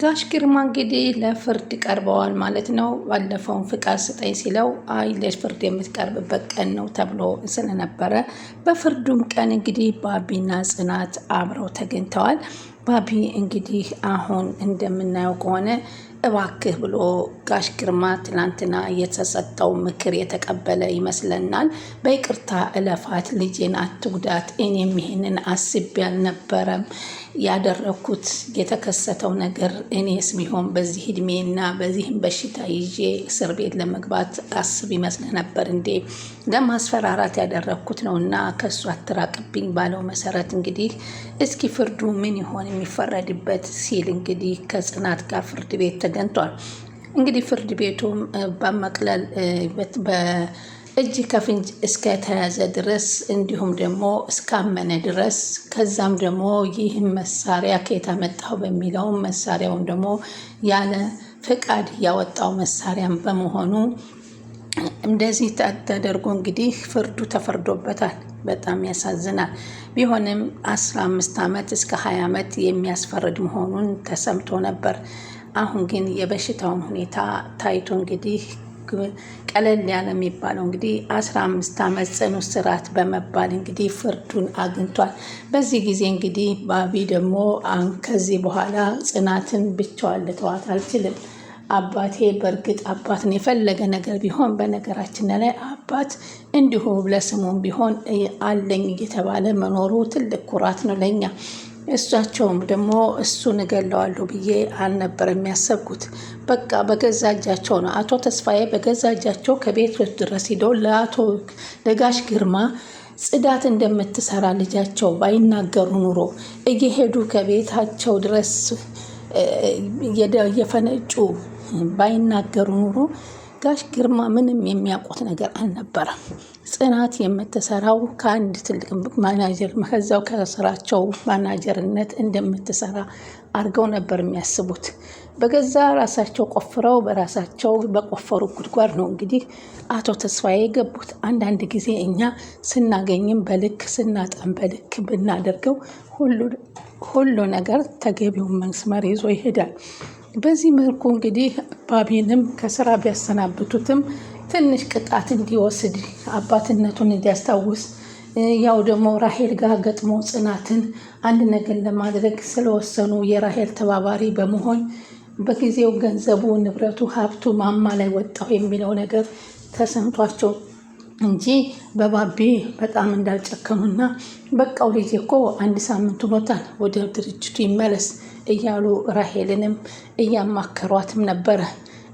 ጋሽ ግርማ እንግዲህ ለፍርድ ቀርበዋል ማለት ነው። ባለፈውን ፍቃድ ስጠኝ ሲለው አይ ለፍርድ የምትቀርብበት ቀን ነው ተብሎ ስለነበረ በፍርዱም ቀን እንግዲህ ባቢና ጽናት አብረው ተገኝተዋል። ባቢ እንግዲህ አሁን እንደምናየው ከሆነ እባክህ ብሎ ጋሽ ግርማ ትናንትና የተሰጠው ምክር የተቀበለ ይመስለናል። በይቅርታ እለፋት፣ ልጄን አትጉዳት፣ እኔም ይህንን አስቤ አልነበረም ያደረኩት የተከሰተው ነገር እኔስ ቢሆን በዚህ እድሜና በዚህም በሽታ ይዤ እስር ቤት ለመግባት አስብ ይመስል ነበር እንዴ? ለማስፈራራት ያደረግኩት ነው እና ከሱ አትራቅብኝ ባለው መሰረት እንግዲህ እስኪ ፍርዱ ምን ይሆን የሚፈረድበት ሲል እንግዲህ ከጽናት ጋር ፍርድ ቤት ተገንቷል። እንግዲህ ፍርድ ቤቱም በመቅለል በእጅ ከፍንጅ እስከተያዘ ድረስ እንዲሁም ደግሞ እስካመነ ድረስ ከዛም ደግሞ ይህን መሳሪያ ከየት አመጣው በሚለውም መሳሪያውም ደግሞ ያለ ፍቃድ ያወጣው መሳሪያም በመሆኑ እንደዚህ ተደርጎ እንግዲህ ፍርዱ ተፈርዶበታል። በጣም ያሳዝናል። ቢሆንም 15 ዓመት እስከ 20 ዓመት የሚያስፈርድ መሆኑን ተሰምቶ ነበር። አሁን ግን የበሽታውን ሁኔታ ታይቶ እንግዲህ ቀለል ያለ የሚባለው እንግዲህ አስራ አምስት ዓመት ጽኑ እስራት በመባል እንግዲህ ፍርዱን አግኝቷል። በዚህ ጊዜ እንግዲህ ባቢ ደግሞ ከዚህ በኋላ ጽናትን ብቻዋን ልተዋት አልችልም። አባቴ በእርግጥ አባትን የፈለገ ነገር ቢሆን በነገራችን ላይ አባት እንዲሁ ለስሙም ቢሆን አለኝ እየተባለ መኖሩ ትልቅ ኩራት ነው ለኛ። እሷቸውም ደግሞ እሱን እገለዋለሁ ብዬ አልነበር የሚያሰብኩት በቃ በገዛ እጃቸው ነው አቶ ተስፋዬ በገዛ እጃቸው ከቤት ድረስ ሂደው ለአቶ ለጋሽ ግርማ ጽዳት እንደምትሰራ ልጃቸው ባይናገሩ ኑሮ እየሄዱ ከቤታቸው ድረስ እየፈነጩ ባይናገሩ ኑሮ ጋሽ ግርማ ምንም የሚያውቁት ነገር አልነበረም። ጽናት የምትሰራው ከአንድ ትልቅ ማናጀር ከዛው ከስራቸው ማናጀርነት እንደምትሰራ አድርገው ነበር የሚያስቡት። በገዛ ራሳቸው ቆፍረው በራሳቸው በቆፈሩ ጉድጓድ ነው እንግዲህ አቶ ተስፋዬ የገቡት። አንዳንድ ጊዜ እኛ ስናገኝም በልክ ስናጣም በልክ ብናደርገው ሁሉ ነገር ተገቢውን መስመር ይዞ ይሄዳል። በዚህ መልኩ እንግዲህ ባቢንም ከስራ ቢያሰናብቱትም ትንሽ ቅጣት እንዲወስድ አባትነቱን እንዲያስታውስ ያው ደግሞ ራሄል ጋር ገጥሞ ጽናትን አንድ ነገር ለማድረግ ስለወሰኑ የራሄል ተባባሪ በመሆን በጊዜው ገንዘቡ፣ ንብረቱ፣ ሀብቱ ማማ ላይ ወጣሁ የሚለው ነገር ተሰምቷቸው እንጂ በባቢ በጣም እንዳልጨከሙና በቃው ልጅ እኮ አንድ ሳምንት ሆኖታል ወደ ድርጅቱ ይመለስ እያሉ ራሄልንም እያማከሯትም ነበረ።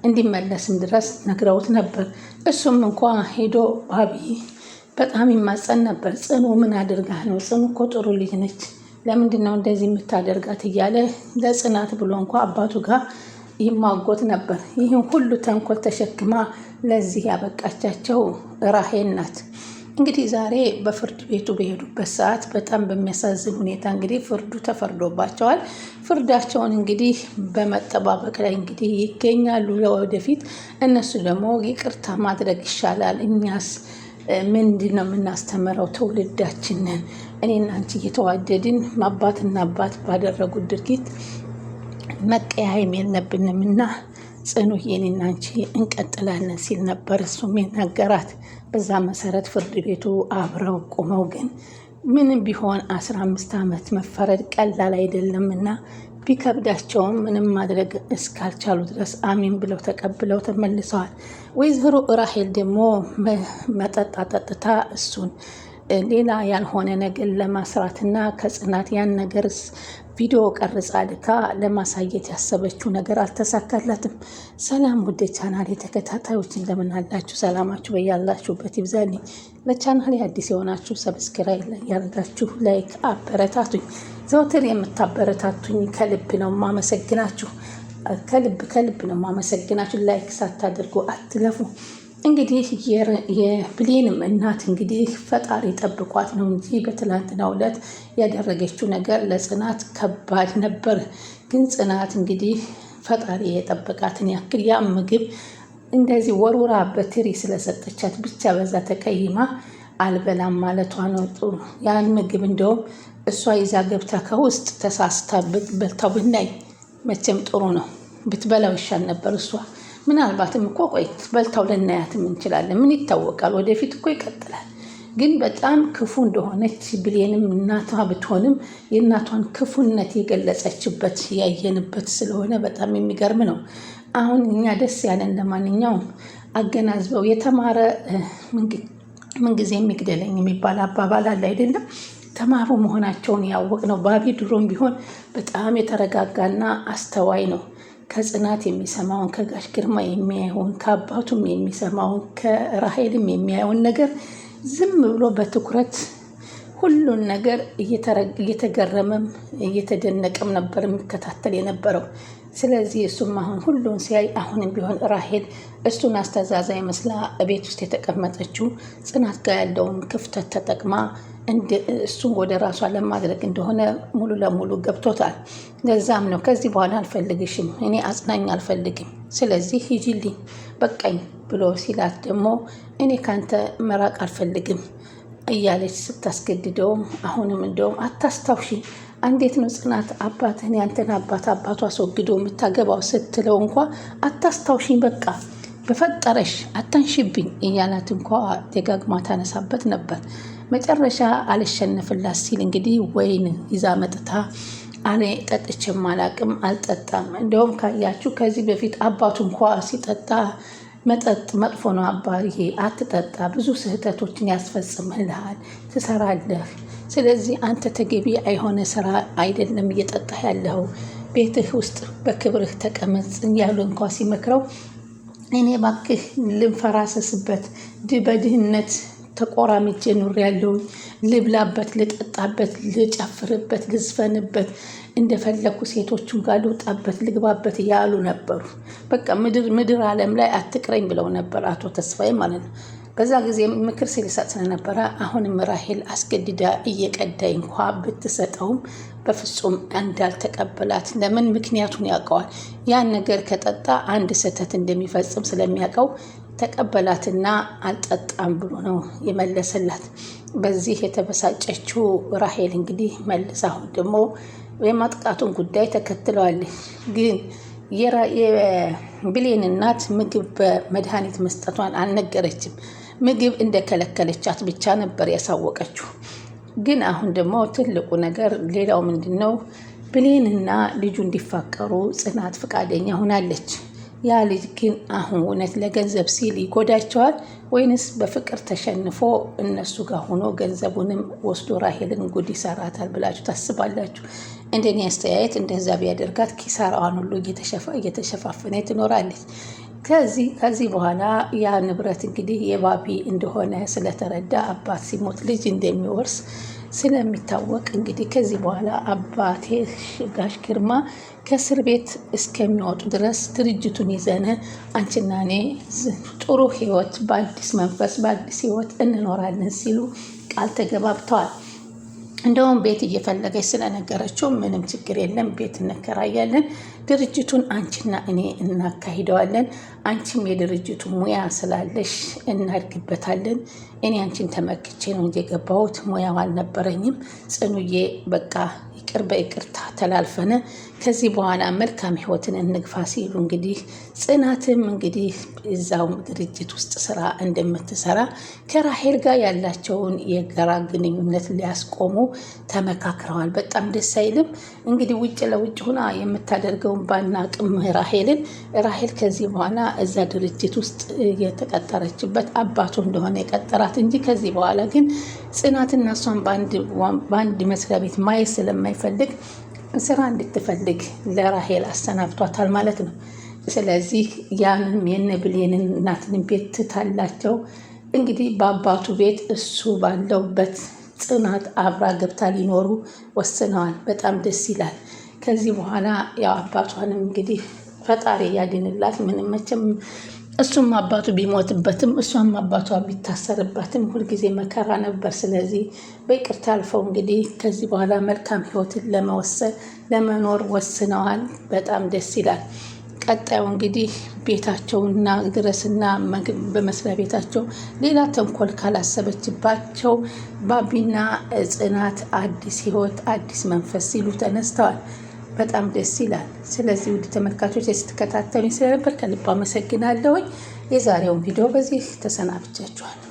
እንዲመለስም ድረስ ነግረውት ነበር። እሱም እንኳ ሄዶ ባቢ በጣም ይማጸን ነበር። ጽኑ ምን አድርጋህ ነው? ጽኑ እኮ ጥሩ ልጅ ነች፣ ለምንድን ነው እንደዚህ የምታደርጋት? እያለ ለጽናት ብሎ እንኳ አባቱ ጋር ይማጎት ነበር። ይህን ሁሉ ተንኮል ተሸክማ ለዚህ ያበቃቻቸው ራሄል ናት። እንግዲህ ዛሬ በፍርድ ቤቱ በሄዱበት ሰዓት በጣም በሚያሳዝን ሁኔታ እንግዲህ ፍርዱ ተፈርዶባቸዋል። ፍርዳቸውን እንግዲህ በመጠባበቅ ላይ እንግዲህ ይገኛሉ። ለወደፊት እነሱ ደግሞ ይቅርታ ማድረግ ይሻላል፣ እኛስ ምንድን ነው የምናስተምረው ትውልዳችንን? እኔና አንቺ እየተዋደድን አባትና አባት ባደረጉት ድርጊት መቀያየም የለብንም እና ጽኑ እና አንቺ እንቀጥላለን ሲል ነበር እሱም የነገራት። በዛ መሰረት ፍርድ ቤቱ አብረው ቁመው ግን ምንም ቢሆን አስራ አምስት ዓመት መፈረድ ቀላል አይደለም እና ቢከብዳቸውም ምንም ማድረግ እስካልቻሉ ድረስ አሚን ብለው ተቀብለው ተመልሰዋል። ወይዘሮ ራሄል ደግሞ መጠጥ አጠጥታ እሱን ሌላ ያልሆነ ነገር ለማስራትና ከጽናት ያን ነገር ቪዲዮ ቀርጻ ልካ ለማሳየት ያሰበችው ነገር አልተሳካላትም። ሰላም ውድ ቻናል የተከታታዮች እንደምን አላችሁ? ሰላማችሁ በያላችሁበት ይብዛልኝ። ለቻናል አዲስ የሆናችሁ ሰብስክራይብ ያደርጋችሁ፣ ላይክ አበረታቱኝ። ዘወትር የምታበረታቱኝ ከልብ ነው ማመሰግናችሁ፣ ከልብ ከልብ ነው ማመሰግናችሁ። ላይክ ሳታደርጉ አትለፉ። እንግዲህ የብሌንም እናት እንግዲህ ፈጣሪ ጠብቋት ነው እንጂ በትላንትናው ዕለት ያደረገችው ነገር ለጽናት ከባድ ነበር። ግን ጽናት እንግዲህ ፈጣሪ የጠበቃትን ያክል ያ ምግብ እንደዚህ ወርውራ በትሪ ስለሰጠቻት ብቻ በዛ ተቀይማ አልበላም ማለቷ ነው። ጥሩ ያን ምግብ እንደውም እሷ ይዛ ገብታ ከውስጥ ተሳስታ በልታው ብናይ መቼም ጥሩ ነው። ብትበላው ይሻል ነበር እሷ ምናልባትም እኮ ቆይ በልታው ልናያትም እንችላለን። ምን ይታወቃል? ወደፊት እኮ ይቀጥላል። ግን በጣም ክፉ እንደሆነች ብሌንም እናቷ ብትሆንም የእናቷን ክፉነት የገለጸችበት ያየንበት ስለሆነ በጣም የሚገርም ነው። አሁን እኛ ደስ ያለን ለማንኛውም አገናዝበው የተማረ ምንጊዜ የሚግደለኝ የሚባል አባባል አለ አይደለም። ተማሩ መሆናቸውን ያወቅ ነው። ባቢ ድሮም ቢሆን በጣም የተረጋጋና አስተዋይ ነው። ከጽናት የሚሰማውን ከጋሽ ግርማ የሚያየውን ከአባቱም የሚሰማውን ከራሄልም የሚያየውን ነገር ዝም ብሎ በትኩረት ሁሉን ነገር እየተገረመም እየተደነቀም ነበር የሚከታተል የነበረው። ስለዚህ እሱም አሁን ሁሉን ሲያይ አሁንም ቢሆን ራሄል እሱን አስተዛዛ መስላ ቤት ውስጥ የተቀመጠችው ጽናት ጋር ያለውን ክፍተት ተጠቅማ እሱን ወደ ራሷ ለማድረግ እንደሆነ ሙሉ ለሙሉ ገብቶታል። ለዛም ነው ከዚህ በኋላ አልፈልግሽም፣ እኔ አጽናኝ አልፈልግም፣ ስለዚህ ሂጂልኝ በቃኝ ብሎ ሲላት ደግሞ እኔ ካንተ መራቅ አልፈልግም እያለች ስታስገድደውም አሁንም እንደውም አታስታውሺ እንዴት ነው ጽናት አባትህን ያንተን አባት አባቱ አስወግዶ የምታገባው ስትለው እንኳ አታስታውሽኝ በቃ በፈጠረሽ አታንሽብኝ እያላት እንኳ ደጋግማ ታነሳበት ነበር። መጨረሻ አልሸነፍላት ሲል እንግዲህ ወይን ይዛ መጥታ እኔ ጠጥቼም አላቅም አልጠጣም። እንዲሁም ካያችሁ ከዚህ በፊት አባቱ እንኳ ሲጠጣ መጠጥ መጥፎ ነው አባዬ፣ አትጠጣ፣ ብዙ ስህተቶችን ያስፈጽምልሃል፣ ትሰራለህ። ስለዚህ አንተ ተገቢ አይሆነ ስራ አይደለም እየጠጣህ ያለኸው፣ ቤትህ ውስጥ በክብርህ ተቀመጽ እያሉ እንኳ ሲመክረው እኔ ባክህ ልንፈራሰስበት በድህነት ተቆራምጄ ያለውኝ ልብላበት፣ ልጠጣበት፣ ልጨፍርበት፣ ልዝፈንበት እንደፈለግኩ ሴቶቹም ጋር ልውጣበት፣ ልግባበት ያሉ ነበሩ። በቃ ምድር ዓለም ላይ አትቅረኝ ብለው ነበር አቶ ተስፋዬ ማለት ነው። በዛ ጊዜ ምክር ሲልሰጥ ስለነበረ አሁንም ራሄል አስገድዳ እየቀዳይ እንኳ ብትሰጠውም በፍጹም እንዳልተቀበላት። ለምን? ምክንያቱን ያውቀዋል። ያን ነገር ከጠጣ አንድ ስህተት እንደሚፈጽም ስለሚያውቀው ተቀበላትና አልጠጣም ብሎ ነው የመለሰላት። በዚህ የተበሳጨችው ራሄል እንግዲህ መልስ አሁን ደግሞ የማጥቃቱን ጉዳይ ተከትለዋለች። ግን የብሌን እናት ምግብ በመድኃኒት መስጠቷን አልነገረችም። ምግብ እንደከለከለቻት ብቻ ነበር ያሳወቀችው። ግን አሁን ደግሞ ትልቁ ነገር ሌላው ምንድን ነው? ብሌንና ልጁ እንዲፋቀሩ ጽናት ፈቃደኛ ሆናለች። ያ ልጅ ግን አሁን እውነት ለገንዘብ ሲል ይጎዳቸዋል ወይንስ በፍቅር ተሸንፎ እነሱ ጋር ሆኖ ገንዘቡንም ወስዶ ራሄልን ጉድ ይሰራታል ብላችሁ ታስባላችሁ? እንደኔ አስተያየት እንደዛ ቢያደርጋት ኪሳራዋን ሁሉ እየተሸፋፈነ ትኖራለች። ከዚህ ከዚህ በኋላ ያ ንብረት እንግዲህ የባቢ እንደሆነ ስለተረዳ አባት ሲሞት ልጅ እንደሚወርስ ስለሚታወቅ እንግዲህ ከዚህ በኋላ አባቴ ጋሽ ግርማ ከእስር ቤት እስከሚወጡ ድረስ ድርጅቱን ይዘን አንቺና እኔ ጥሩ ህይወት በአዲስ መንፈስ በአዲስ ህይወት እንኖራለን ሲሉ ቃል ተገባብተዋል። እንደውም ቤት እየፈለገች ስለነገረችው ምንም ችግር የለም፣ ቤት እንከራያለን፣ ድርጅቱን አንቺና እኔ እናካሂደዋለን። አንቺም የድርጅቱ ሙያ ስላለሽ እናድግበታለን። እኔ አንቺን ተመክቼ ነው የገባሁት፣ ሙያው አልነበረኝም። ጽኑዬ፣ በቃ ይቅር በይቅርታ ተላልፈነ ከዚህ በኋላ መልካም ህይወትን እንግፋ ሲሉ እንግዲህ ጽናትም እንግዲህ እዛው ድርጅት ውስጥ ስራ እንደምትሰራ ከራሄል ጋር ያላቸውን የጋራ ግንኙነት ሊያስቆሙ ተመካክረዋል። በጣም ደስ አይልም እንግዲህ ውጭ ለውጭ ሁና የምታደርገውን ባናቅም ራሄልን ራሄል ከዚህ በኋላ እዛ ድርጅት ውስጥ የተቀጠረችበት አባቱ እንደሆነ የቀጠራት እንጂ ከዚህ በኋላ ግን ጽናትና እሷን በአንድ መስሪያ ቤት ማየት ስለማይፈልግ ስራ እንድትፈልግ ለራሄል አሰናብቷታል ማለት ነው። ስለዚህ ያንም የነብሌንን እናትን ቤት ትታላቸው እንግዲህ በአባቱ ቤት እሱ ባለውበት ጽናት አብራ ገብታ ሊኖሩ ወስነዋል። በጣም ደስ ይላል። ከዚህ በኋላ ያው አባቷንም እንግዲህ ፈጣሪ ያድንላት ምንም መቼም እሱም አባቱ ቢሞትበትም እሷም አባቷ ቢታሰርበትም ሁልጊዜ መከራ ነበር። ስለዚህ በይቅርታ አልፈው እንግዲህ ከዚህ በኋላ መልካም ህይወትን ለመወሰን ለመኖር ወስነዋል። በጣም ደስ ይላል። ቀጣዩ እንግዲህ ቤታቸውና ድረስና በመስሪያ ቤታቸው ሌላ ተንኮል ካላሰበችባቸው ባቢና ጽናት አዲስ ህይወት አዲስ መንፈስ ሲሉ ተነስተዋል። በጣም ደስ ይላል። ስለዚህ ውድ ተመልካቾች ስትከታተሉኝ ስለነበር ከልብ አመሰግናለሁኝ። የዛሬውን ቪዲዮ በዚህ ተሰናብቻችኋል።